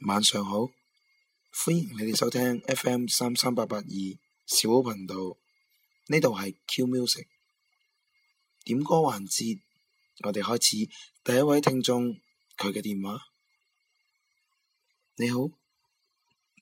晚上好，歡迎你哋收聽 FM 三三八八二小屋頻道，呢度係 Q Music 點歌環節，我哋開始第一位聽眾佢嘅電話，你好，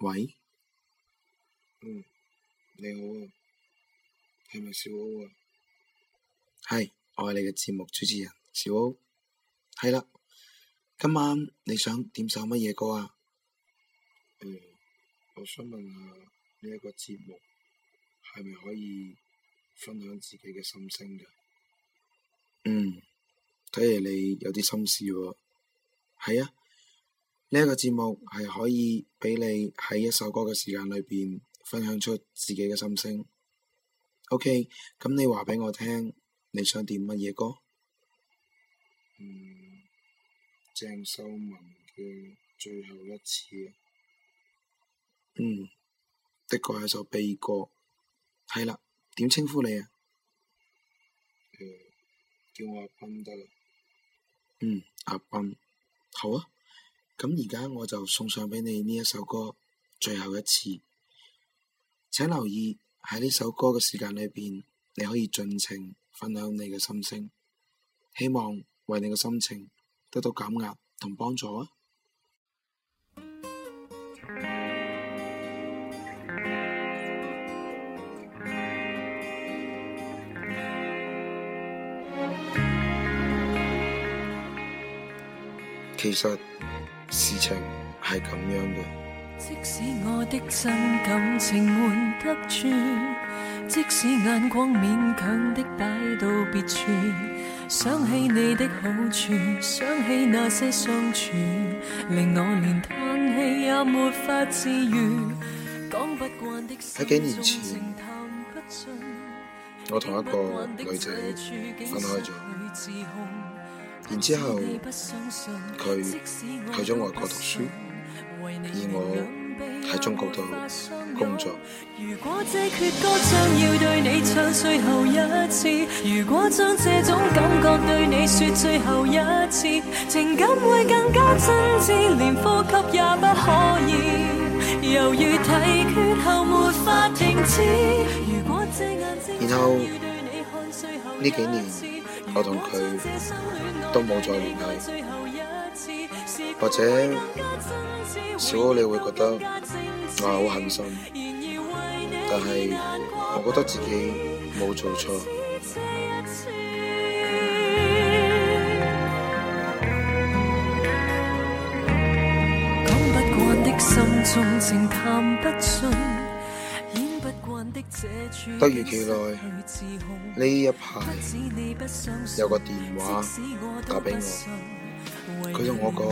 喂，嗯，你好，係咪小屋啊？係，我係你嘅節目主持人小屋，係啦，今晚你想點首乜嘢歌啊？嗯、我想問下呢一、這個節目係咪可以分享自己嘅心聲嘅？嗯，睇嚟你有啲心事喎、哦。係啊，呢、這、一個節目係可以俾你喺一首歌嘅時間裏邊分享出自己嘅心聲。OK，咁你話俾我聽，你想點乜嘢歌？嗯，鄭秀文嘅《最後一次》。嗯，的確係首悲歌，係啦。點稱呼你啊？呃，叫我阿斌得啦。嗯，阿斌，好啊。咁而家我就送上俾你呢一首歌，最後一次。請留意喺呢首歌嘅時間裏邊，你可以盡情分享你嘅心聲，希望為你嘅心情得到減壓同幫助啊！其實事情係咁樣嘅。喺幾年前，我同一個女仔分開咗。然之後，佢去咗外國讀書，而我喺中國度工作。然後呢幾年。我同佢都冇再聯繫，或者小哥你會覺得我好狠心，但係我覺得自己冇做錯。講不慣的心中情談不盡。突如其來，呢一排有個電話打俾我，佢同我講，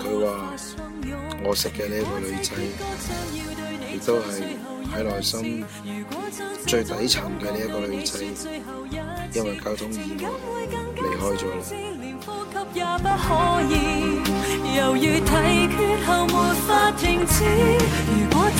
佢話我識嘅呢一個女仔，亦都係喺內心最底層嘅呢一個女仔，因為交通意外離開咗啦。嗯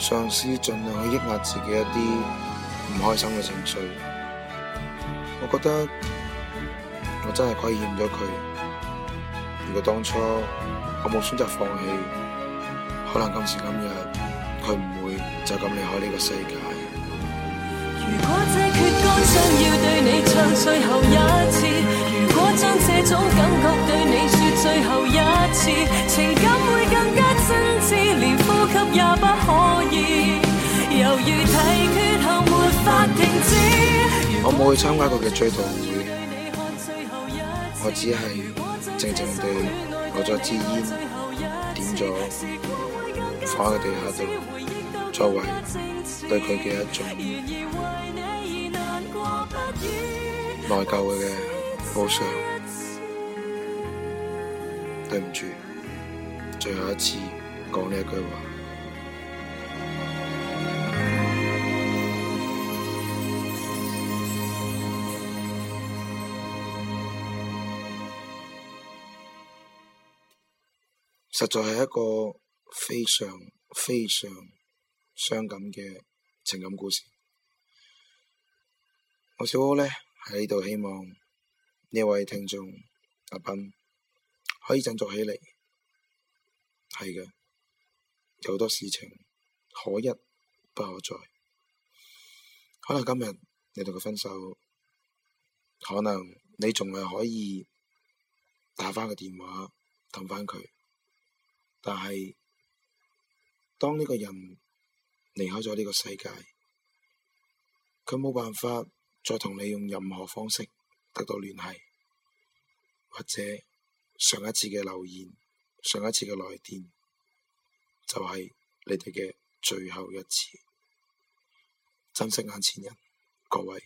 上司盡量去抑壓自己一啲唔開心嘅情緒，我覺得我真係虧欠咗佢。如果當初我冇選擇放棄，可能今時今日佢唔會就咁離開呢個世界。如果這我冇去參加過佢追悼會，我只係靜靜地攞咗支煙，點咗火，放喺地下度，作為對佢嘅一種內疚嘅嘅補償。對唔住，最後一次講呢一句話。實在係一個非常非常傷感嘅情感故事。我小柯呢，喺呢度希望呢位聽眾阿斌可以振作起嚟，係嘅，有好多事情可一不可再。可能今日你同佢分手，可能你仲係可以打翻個電話氹翻佢。但係，當呢個人離開咗呢個世界，佢冇辦法再同你用任何方式得到聯繫，或者上一次嘅留言，上一次嘅來電，就係你哋嘅最後一次。珍惜眼前人，各位。